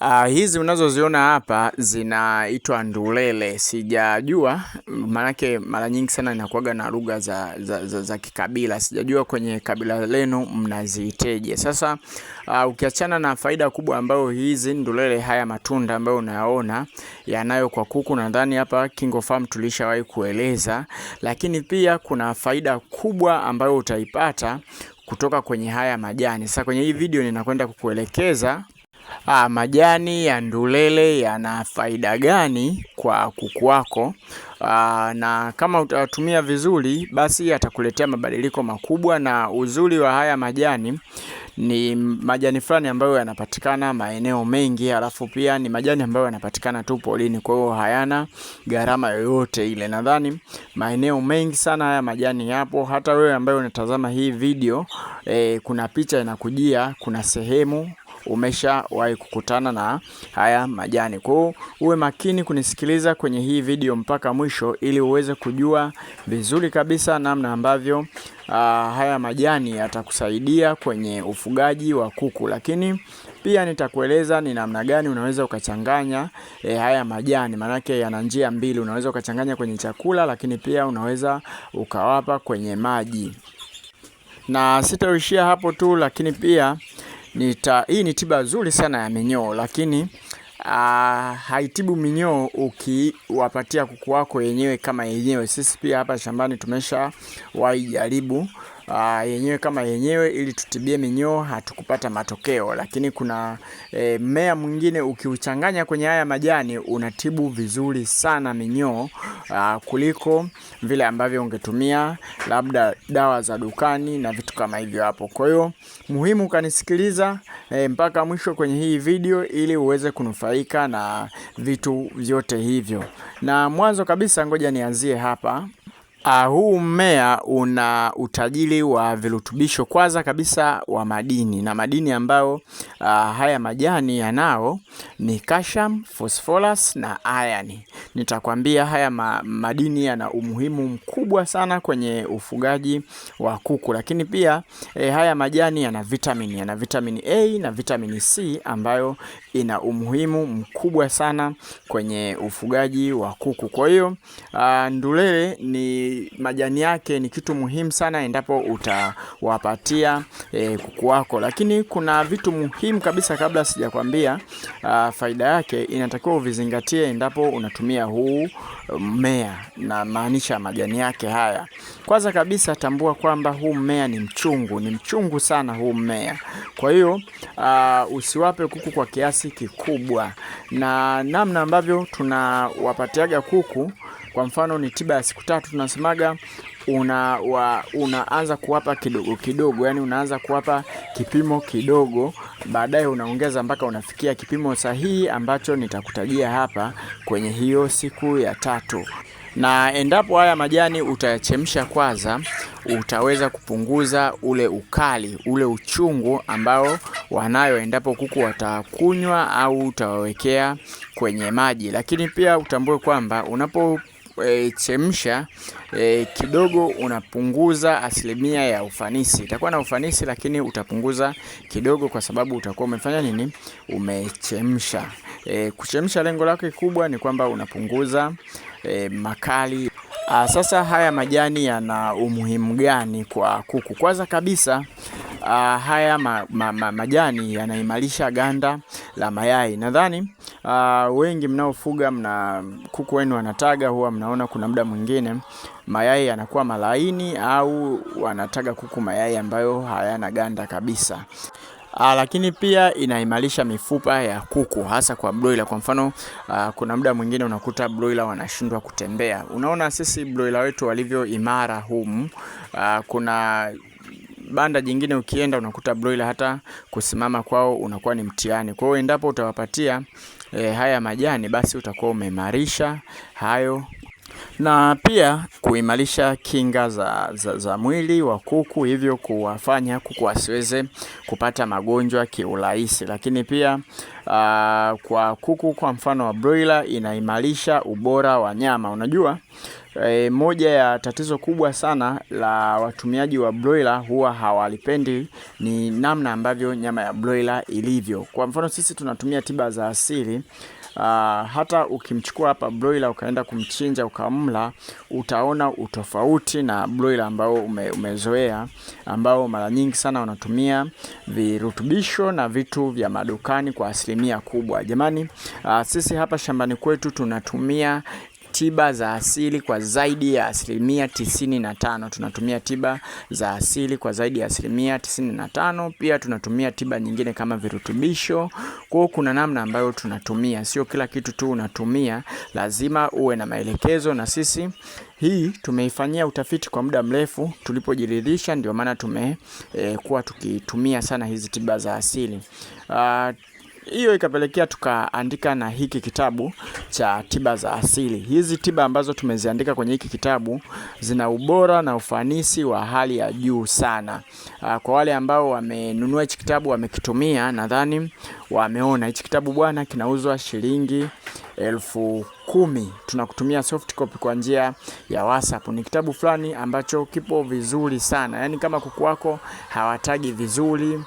Uh, hizi unazoziona hapa zinaitwa ndulele. Sijajua maanake mara nyingi sana inakuwaga na lugha za, za, za, za kikabila. Sijajua kwenye kabila lenu mnaziiteje. Sasa uh, ukiachana na faida kubwa ambayo hizi ndulele, haya matunda ambayo unayaona yanayo kwa kuku, nadhani hapa Kingo Farm tulishawahi kueleza, lakini pia kuna faida kubwa ambayo utaipata kutoka kwenye haya majani. Sasa kwenye hii video ninakwenda kukuelekeza Aa, ah, majani ya ndulele yana faida gani kwa kuku wako? Aa, ah, na kama utatumia vizuri basi yatakuletea mabadiliko makubwa na uzuri wa haya majani ni majani fulani ambayo yanapatikana maeneo mengi, alafu pia ni majani ambayo yanapatikana tu polini, kwa hiyo hayana gharama yoyote ile. Nadhani maeneo mengi sana haya majani yapo. Hata wewe ambaye unatazama hii video e, kuna picha inakujia, kuna sehemu umeshawahi kukutana na haya majani. Kwa hiyo uwe makini kunisikiliza kwenye hii video mpaka mwisho, ili uweze kujua vizuri kabisa namna ambavyo uh, haya majani yatakusaidia kwenye ufugaji wa kuku, lakini pia nitakueleza ni namna gani unaweza ukachanganya e, haya majani, maanake yana njia mbili. Unaweza ukachanganya kwenye chakula, lakini pia unaweza ukawapa kwenye maji, na sitaishia hapo tu, lakini pia nita, hii ni tiba nzuri sana ya minyoo, lakini aa, ah, haitibu minyoo ukiwapatia kuku wako yenyewe kama yenyewe. Sisi pia hapa shambani tumesha waijaribu uh, yenyewe kama yenyewe ili tutibie minyoo, hatukupata matokeo, lakini kuna e, mmea mwingine ukiuchanganya kwenye haya majani unatibu vizuri sana minyoo uh, kuliko vile ambavyo ungetumia labda dawa za dukani na vitu kama hivyo hapo. Kwa hiyo muhimu kanisikiliza e, eh, mpaka mwisho kwenye hii video ili uweze kunufaika na vitu vyote hivyo. Na mwanzo kabisa, ngoja nianzie hapa Uh, huu mmea una utajiri wa virutubisho kwanza kabisa wa madini na madini ambayo uh, haya majani yanao ni calcium, phosphorus na iron. Nitakwambia haya ma, madini yana umuhimu mkubwa sana kwenye ufugaji wa kuku, lakini pia eh, haya majani yana vitamini, yana vitamini A na vitamini C ambayo ina umuhimu mkubwa sana kwenye ufugaji wa kuku. Kwa hiyo uh, ndulele ni majani, yake ni kitu muhimu sana endapo utawapatia e, kuku wako. Lakini kuna vitu muhimu kabisa kabla sijakwambia faida yake, inatakiwa uvizingatie endapo unatumia huu mmea, na maanisha majani yake haya. Kwanza kabisa tambua kwamba huu mmea ni mchungu, ni mchungu sana huu mmea. Kwa hiyo usiwape kuku kwa kiasi kikubwa, na namna ambavyo tunawapatiaga kuku kwa mfano ni tiba ya siku tatu, tunasemaga una wa, unaanza kuwapa kidogo kidogo, yani unaanza kuwapa kipimo kidogo, baadaye unaongeza mpaka unafikia kipimo sahihi ambacho nitakutajia hapa kwenye hiyo siku ya tatu na endapo haya majani utayachemsha kwanza, utaweza kupunguza ule ukali ule uchungu ambao wanayo endapo kuku watakunywa au utawawekea kwenye maji. Lakini pia utambue kwamba unapo e, chemsha e, kidogo unapunguza asilimia ya ufanisi. Itakuwa na ufanisi lakini utapunguza kidogo, kwa sababu utakuwa umefanya nini? Umechemsha. E, kuchemsha lengo lake kubwa ni kwamba unapunguza e, makali. A, sasa haya majani yana umuhimu gani kwa kuku? Kwanza kabisa uh, haya ma, ma, ma, majani yanaimarisha ganda la mayai. Nadhani uh, wengi mnaofuga mna kuku wenu wanataga, huwa mnaona kuna muda mwingine mayai yanakuwa malaini au wanataga kuku mayai ambayo hayana ganda kabisa. Aa, ah, lakini pia inaimarisha mifupa ya kuku hasa kwa broiler. Kwa mfano aa, kuna muda mwingine unakuta broiler wanashindwa kutembea. Unaona sisi broiler wetu walivyo imara humu, aa, kuna banda jingine ukienda unakuta broiler hata kusimama kwao unakuwa ni mtihani. Kwa hiyo endapo utawapatia e, haya majani, basi utakuwa umeimarisha hayo na pia kuimarisha kinga za, za, za mwili wa kuku, hivyo kuwafanya kuku wasiweze kupata magonjwa kiurahisi. Lakini pia uh, kwa kuku kwa mfano wa broiler inaimarisha ubora wa nyama, unajua E, moja ya tatizo kubwa sana la watumiaji wa broiler huwa hawalipendi ni namna ambavyo nyama ya broiler ilivyo. Kwa mfano sisi tunatumia tiba za asili. Uh, hata ukimchukua hapa broiler ukaenda kumchinja ukamla, utaona utofauti na broiler ambao ume, umezoea ambao mara nyingi sana wanatumia virutubisho na vitu vya madukani kwa asilimia kubwa. Jamani, uh, sisi hapa shambani kwetu tunatumia tiba za asili kwa zaidi ya asilimia tisini na tano. Tunatumia tiba za asili kwa zaidi ya asilimia tisini na tano. Pia tunatumia tiba nyingine kama virutubisho. Kwa hiyo kuna namna ambayo tunatumia, sio kila kitu tu unatumia, lazima uwe na maelekezo. Na sisi hii tumeifanyia utafiti kwa muda mrefu, tulipojiridhisha ndio maana tumekuwa eh, e, tukitumia sana hizi tiba za asili uh, hiyo ikapelekea tukaandika na hiki kitabu cha tiba za asili. Hizi tiba ambazo tumeziandika kwenye hiki kitabu zina ubora na ufanisi wa hali ya juu sana. Ah, kwa wale ambao wamenunua hichi kitabu wamekitumia, nadhani wameona hichi kitabu bwana, kinauzwa shilingi elfu kumi. Tunakutumia soft copy kwa njia ya WhatsApp. Ni kitabu fulani ambacho kipo vizuri sana, yaani kama kuku wako hawatagi vizuri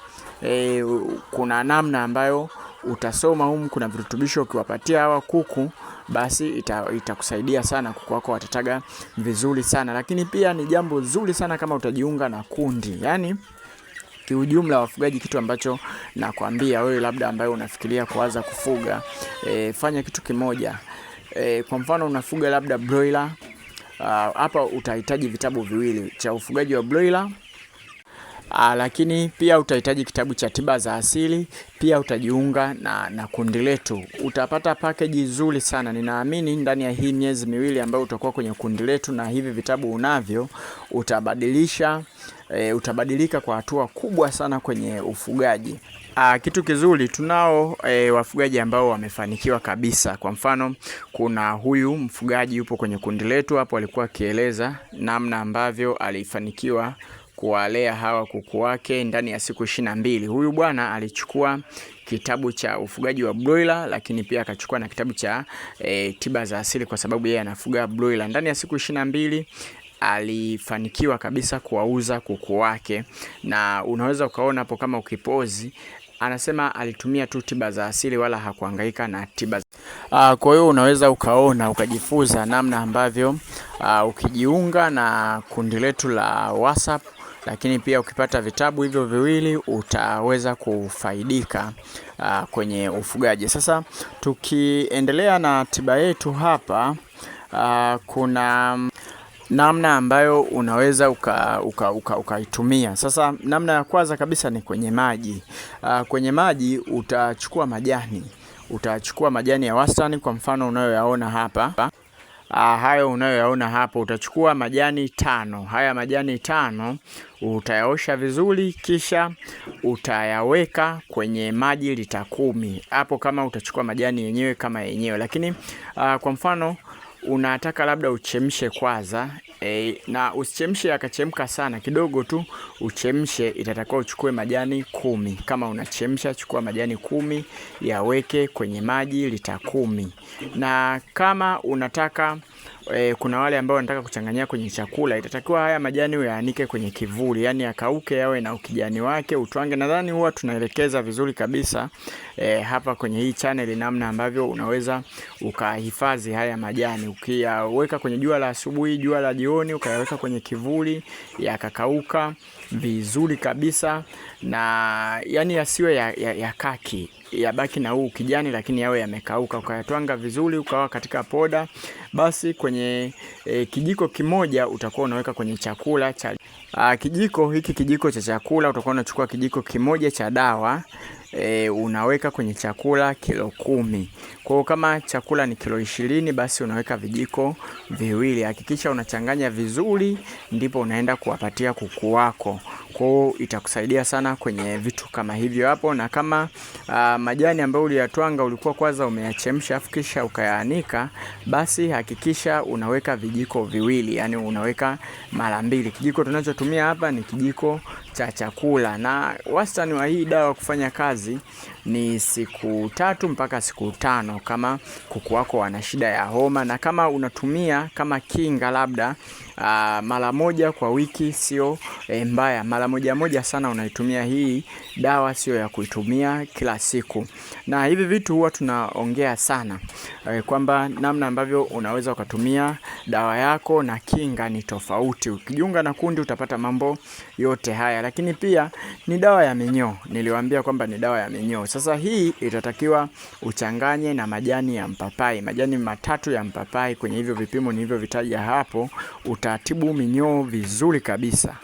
e, kuna namna ambayo utasoma humu, kuna virutubisho ukiwapatia hawa kuku, basi itakusaidia ita sana, kuku wako watataga vizuri sana. Lakini pia ni jambo zuri sana kama utajiunga na kundi, yani kiujumla wafugaji, kitu ambacho nakwambia wewe labda ambaye unafikiria kuanza kufuga e, fanya kitu kimoja e, kwa mfano unafuga labda broiler hapa, uh, utahitaji vitabu viwili cha ufugaji wa broiler Aa, ah, lakini pia utahitaji kitabu cha tiba za asili, pia utajiunga na, na kundi letu. Utapata package nzuri sana. Ninaamini ndani ya hii miezi miwili ambayo utakuwa kwenye kundi letu na hivi vitabu unavyo, utabadilisha e, utabadilika kwa hatua kubwa sana kwenye ufugaji. Aa, ah, kitu kizuri tunao e, wafugaji ambao wamefanikiwa kabisa. Kwa mfano, kuna huyu mfugaji yupo kwenye kundi letu hapo, alikuwa akieleza namna ambavyo alifanikiwa kuwalea hawa kuku wake ndani ya siku ishirini na mbili. Huyu bwana alichukua kitabu cha ufugaji wa broiler, lakini pia akachukua na kitabu cha e, tiba za asili kwa sababu yeye anafuga broiler. Ndani ya siku ishirini na mbili alifanikiwa kabisa kuwauza kuku wake, na unaweza ukaona hapo kama ukipozi anasema alitumia tu tiba za asili wala hakuhangaika na tiba. za... Ah, kwa hiyo unaweza ukaona ukajifunza namna ambavyo aa, ah, ukijiunga na kundi letu la WhatsApp lakini pia ukipata vitabu hivyo viwili utaweza kufaidika uh, kwenye ufugaji. Sasa tukiendelea na tiba yetu hapa uh, kuna namna ambayo unaweza ukaitumia uka, uka, uka. Sasa namna ya kwanza kabisa ni kwenye maji uh, kwenye maji utachukua majani utachukua majani ya wastani, kwa mfano unayoyaona hapa Ah, hayo unayoyaona hapo, utachukua majani tano. Haya majani tano utayaosha vizuri, kisha utayaweka kwenye maji lita kumi. Hapo kama utachukua majani yenyewe kama yenyewe, lakini aa, ah, kwa mfano unataka labda uchemshe kwanza e, na usichemshe akachemka sana, kidogo tu uchemshe. Itatakiwa uchukue majani kumi. Kama unachemsha chukua majani kumi, yaweke kwenye maji lita kumi, na kama unataka e, kuna wale ambao wanataka kuchanganyia kwenye chakula, itatakiwa haya majani uyaanike kwenye kivuli, yani yakauke, yawe na ukijani wake, utwange. Nadhani huwa tunaelekeza vizuri kabisa e, hapa kwenye hii channel namna ambavyo unaweza ukahifadhi haya majani, ukiyaweka kwenye jua la asubuhi, jua la jioni, ukayaweka kwenye kivuli yakakauka vizuri kabisa, na yani yasiwe ya, ya, ya kaki yabaki na huu kijani, lakini yawe yamekauka. Ukayatwanga vizuri, ukawa katika poda, basi kwenye e, kijiko kimoja utakuwa unaweka kwenye chakula cha a, kijiko hiki kijiko cha chakula utakuwa unachukua kijiko kimoja cha dawa e, unaweka kwenye chakula kilo kumi. Kwa hiyo kama chakula ni kilo ishirini, basi unaweka vijiko viwili. Hakikisha unachanganya vizuri, ndipo unaenda kuwapatia kuku wako. Kwa hiyo itakusaidia sana kwenye vitu kama hivyo hapo. Na kama a, ah, majani ambayo uliyatwanga ulikuwa kwanza umeyachemsha afu kisha ukayaanika, basi hakikisha unaweka vijiko viwili, yani unaweka mara mbili. Kijiko tunachotumia hapa ni kijiko cha chakula, na wastani wa hii dawa kufanya kazi ni siku tatu mpaka siku tano, kama kuku wako wana shida ya homa, na kama unatumia kama kinga labda aa, ah, mara moja kwa wiki sio e, mbaya. Mara moja moja sana unaitumia hii dawa, sio ya kuitumia kila siku. Na hivi vitu huwa tunaongea sana e, kwamba namna ambavyo unaweza ukatumia dawa yako na kinga ni tofauti. Ukijiunga na kundi utapata mambo yote haya, lakini pia ni dawa ya minyoo. Niliwaambia kwamba ni dawa ya minyoo. Sasa hii itatakiwa uchanganye na majani ya mpapai, majani matatu ya mpapai kwenye hivyo vipimo nilivyovitaja hapo uta utaratibu minyoo vizuri kabisa.